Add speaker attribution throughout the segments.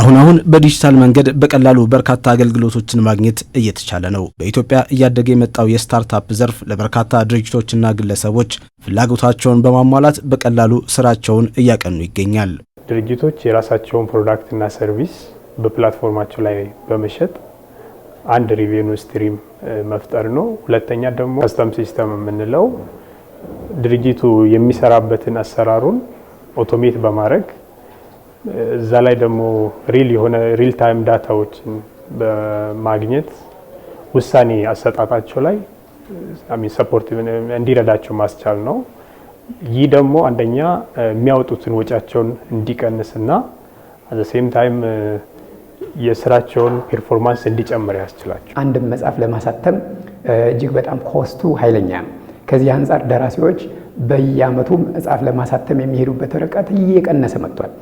Speaker 1: አሁን አሁን በዲጂታል መንገድ በቀላሉ በርካታ አገልግሎቶችን ማግኘት እየተቻለ ነው። በኢትዮጵያ እያደገ የመጣው የስታርታፕ ዘርፍ ለበርካታ ድርጅቶችና ግለሰቦች ፍላጎታቸውን በማሟላት በቀላሉ ስራቸውን እያቀኑ ይገኛል።
Speaker 2: ድርጅቶች የራሳቸውን ፕሮዳክትና ሰርቪስ በፕላትፎርማቸው ላይ በመሸጥ አንድ ሪቬኑ ስትሪም መፍጠር ነው። ሁለተኛ ደግሞ ከስተም ሲስተም የምንለው ድርጅቱ የሚሰራበትን አሰራሩን ኦቶሜት በማድረግ እዛ ላይ ደግሞ ሪል የሆነ ሪል ታይም ዳታዎችን በማግኘት ውሳኔ አሰጣጣቸው ላይ ሰፖርት እንዲረዳቸው ማስቻል ነው። ይህ ደግሞ አንደኛ የሚያወጡትን ወጪያቸውን እንዲቀንስና አዘ ሴም ታይም የስራቸውን ፐርፎርማንስ እንዲጨምር ያስችላቸው።
Speaker 3: አንድም መጽሐፍ ለማሳተም እጅግ በጣም ኮስቱ ኃይለኛ ነው። ከዚህ አንጻር ደራሲዎች በየአመቱ መጽሐፍ ለማሳተም የሚሄዱበት ርቀት እየቀነሰ መጥቷል።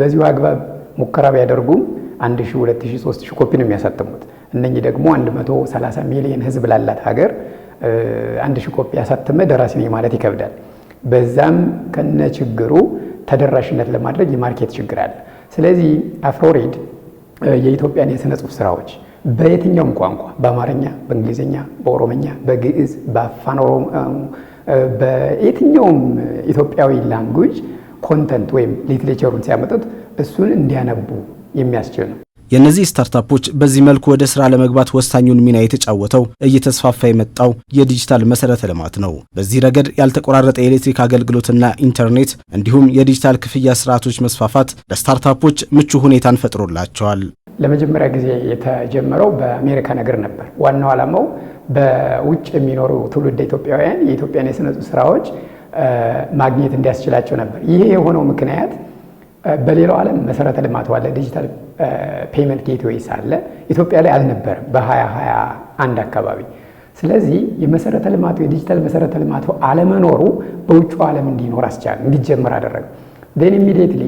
Speaker 3: በዚሁ አግባብ ሙከራ ቢያደርጉም አንድ ሺ ሁለት ሺ ሶስት ሺ ኮፒ ነው የሚያሳትሙት። እነኚህ ደግሞ 130 ሚሊዮን ህዝብ ላላት ሀገር አንድ ሺ ኮፒ ያሳተመ ደራሲ ነኝ ማለት ይከብዳል። በዛም ከነ ችግሩ ተደራሽነት ለማድረግ የማርኬት ችግር አለ። ስለዚህ አፍሮሪድ የኢትዮጵያን የሥነ ጽሁፍ ስራዎች በየትኛውም ቋንቋ በአማርኛ፣ በእንግሊዝኛ፣ በኦሮመኛ፣ በግዕዝ፣ በአፋን ኦሮሞ፣ በየትኛውም ኢትዮጵያዊ ላንጉጅ ኮንተንት ወይም ሊትሬቸሩን ሲያመጡት እሱን እንዲያነቡ የሚያስችል ነው።
Speaker 1: የእነዚህ ስታርታፖች በዚህ መልኩ ወደ ስራ ለመግባት ወሳኙን ሚና የተጫወተው እየተስፋፋ የመጣው የዲጂታል መሰረተ ልማት ነው። በዚህ ረገድ ያልተቆራረጠ የኤሌክትሪክ አገልግሎትና ኢንተርኔት እንዲሁም የዲጂታል ክፍያ ስርዓቶች መስፋፋት ለስታርታፖች ምቹ ሁኔታን ፈጥሮላቸዋል።
Speaker 3: ለመጀመሪያ ጊዜ የተጀመረው በአሜሪካ ነገር ነበር። ዋናው ዓላማው በውጭ የሚኖሩ ትውልድ ኢትዮጵያውያን የኢትዮጵያን የስነ ስራዎች ማግኘት እንዲያስችላቸው ነበር። ይሄ የሆነው ምክንያት በሌላው ዓለም መሰረተ ልማት ዋለ፣ ዲጂታል ፔመንት ጌትዌይ አለ፣ ኢትዮጵያ ላይ አልነበረም በ2021 አካባቢ። ስለዚህ የመሰረተ ልማቱ የዲጂታል መሰረተ ልማቱ አለመኖሩ በውጭ ዓለም እንዲኖር አስቻለ፣ እንዲጀምር አደረገ። ዜን ኢሚዲየትሊ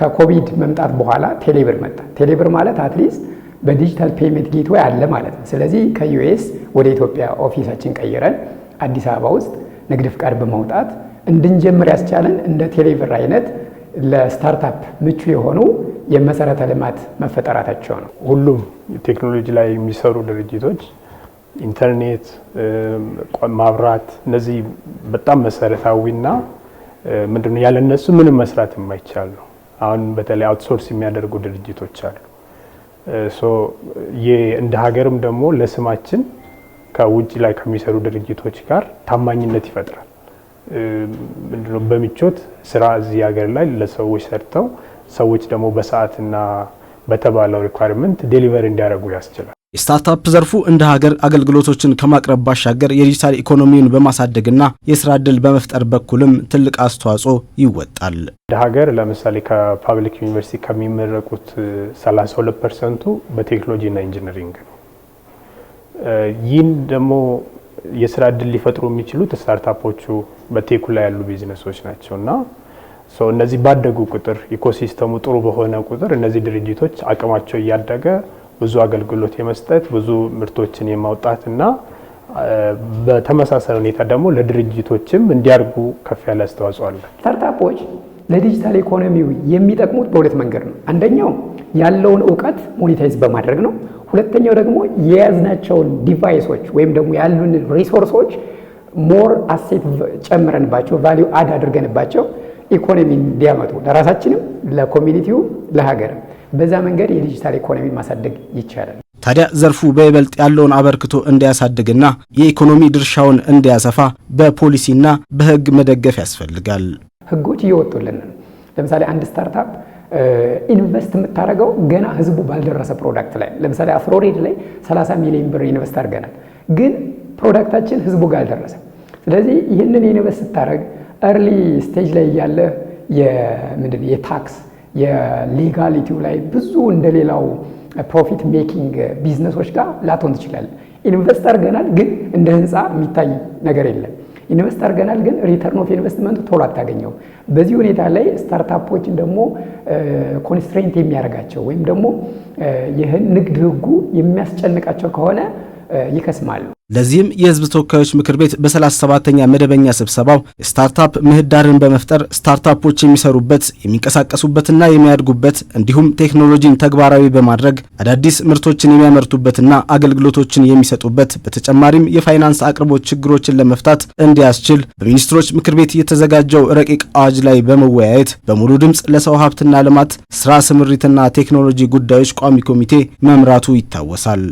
Speaker 3: ከኮቪድ መምጣት በኋላ ቴሌብር መጣ። ቴሌብር ማለት አትሊስት በዲጂታል ፔመንት ጌትዌይ አለ ማለት ነው። ስለዚህ ከዩኤስ ወደ ኢትዮጵያ ኦፊሳችን ቀይረን አዲስ አበባ ውስጥ ንግድ ፍቃድ በማውጣት እንድንጀምር ያስቻለን እንደ ቴሌብር አይነት ለስታርታፕ ምቹ የሆኑ የመሰረተ ልማት መፈጠራታቸው ነው።
Speaker 2: ሁሉም ቴክኖሎጂ ላይ የሚሰሩ ድርጅቶች ኢንተርኔት፣ ማብራት፣ እነዚህ በጣም መሰረታዊና ምንድነው ያለ እነሱ ምንም መስራት የማይቻል ነው። አሁን በተለይ አውትሶርስ የሚያደርጉ ድርጅቶች አሉ። እንደ ሀገርም ደግሞ ለስማችን ከውጭ ላይ ከሚሰሩ ድርጅቶች ጋር ታማኝነት ይፈጥራል። ምንድነው በምቾት ስራ እዚህ ሀገር ላይ ለሰዎች ሰርተው ሰዎች ደግሞ በሰዓትና በተባለው ሪኳርመንት ዴሊቨር እንዲያደርጉ ያስችላል።
Speaker 1: የስታርታፕ ዘርፉ እንደ ሀገር አገልግሎቶችን ከማቅረብ ባሻገር የዲጂታል ኢኮኖሚውን በማሳደግና የስራ እድል በመፍጠር በኩልም ትልቅ አስተዋጽኦ ይወጣል።
Speaker 2: እንደ ሀገር ለምሳሌ ከፓብሊክ ዩኒቨርሲቲ ከሚመረቁት 32 ፐርሰንቱ በቴክኖሎጂና ኢንጂነሪንግ ነው። ይህን ደግሞ የስራ እድል ሊፈጥሩ የሚችሉት ስታርታፖቹ በቴኩ ላይ ያሉ ቢዝነሶች ናቸው እና እነዚህ ባደጉ ቁጥር ኢኮሲስተሙ ጥሩ በሆነ ቁጥር እነዚህ ድርጅቶች አቅማቸው እያደገ ብዙ አገልግሎት የመስጠት ብዙ ምርቶችን የማውጣት እና በተመሳሳይ ሁኔታ ደግሞ ለድርጅቶችም እንዲያርጉ ከፍ ያለ አስተዋጽኦ አለ።
Speaker 3: ስታርታፖች ለዲጂታል ኢኮኖሚው የሚጠቅሙት በሁለት መንገድ ነው። አንደኛው ያለውን እውቀት ሞኔታይዝ በማድረግ ነው። ሁለተኛው ደግሞ የያዝናቸውን ዲቫይሶች ወይም ደግሞ ያሉን ሪሶርሶች ሞር አሴት ጨምረንባቸው ቫሊዩ አድ አድርገንባቸው ኢኮኖሚ እንዲያመጡ ለራሳችንም፣ ለኮሚኒቲውም፣ ለሀገርም በዛ መንገድ የዲጂታል ኢኮኖሚ ማሳደግ ይቻላል።
Speaker 1: ታዲያ ዘርፉ በይበልጥ ያለውን አበርክቶ እንዲያሳድግና የኢኮኖሚ ድርሻውን እንዲያሰፋ በፖሊሲና በህግ መደገፍ ያስፈልጋል።
Speaker 3: ህጎች እየወጡልን ለምሳሌ አንድ ስታርታፕ ኢንቨስት የምታደርገው ገና ህዝቡ ባልደረሰ ፕሮዳክት ላይ ለምሳሌ አፍሮሬድ ላይ 30 ሚሊዮን ብር ኢንቨስት አድርገናል፣ ግን ፕሮዳክታችን ህዝቡ ጋር አልደረሰም። ስለዚህ ይህንን ኢንቨስት ስታደርግ ኤርሊ ስቴጅ ላይ እያለ ምንድን የታክስ የሌጋሊቲው ላይ ብዙ እንደሌላው ፕሮፊት ሜኪንግ ቢዝነሶች ጋር ላትሆን ትችላለህ። ኢንቨስት አድርገናል፣ ግን እንደ ህንፃ የሚታይ ነገር የለም። ኢንቨስት አድርገናል፣ ግን ሪተርን ኦፍ ኢንቨስትመንቱ ቶሎ አታገኘው። በዚህ ሁኔታ ላይ ስታርታፖችን ደግሞ ኮንስትሬንት የሚያደርጋቸው ወይም ደግሞ ይህን ንግድ ህጉ የሚያስጨንቃቸው ከሆነ ይከስማሉ።
Speaker 1: ለዚህም የህዝብ ተወካዮች ምክር ቤት በ 37 መደበኛ ስብሰባው የስታርታፕ ምህዳርን በመፍጠር ስታርታፖች የሚሰሩበት የሚንቀሳቀሱበትና የሚያድጉበት እንዲሁም ቴክኖሎጂን ተግባራዊ በማድረግ አዳዲስ ምርቶችን የሚያመርቱበትና አገልግሎቶችን የሚሰጡበት በተጨማሪም የፋይናንስ አቅርቦት ችግሮችን ለመፍታት እንዲያስችል በሚኒስትሮች ምክር ቤት የተዘጋጀው ረቂቅ አዋጅ ላይ በመወያየት በሙሉ ድምፅ ለሰው ሀብትና ልማት ስራ ስምሪትና ቴክኖሎጂ ጉዳዮች ቋሚ ኮሚቴ መምራቱ ይታወሳል።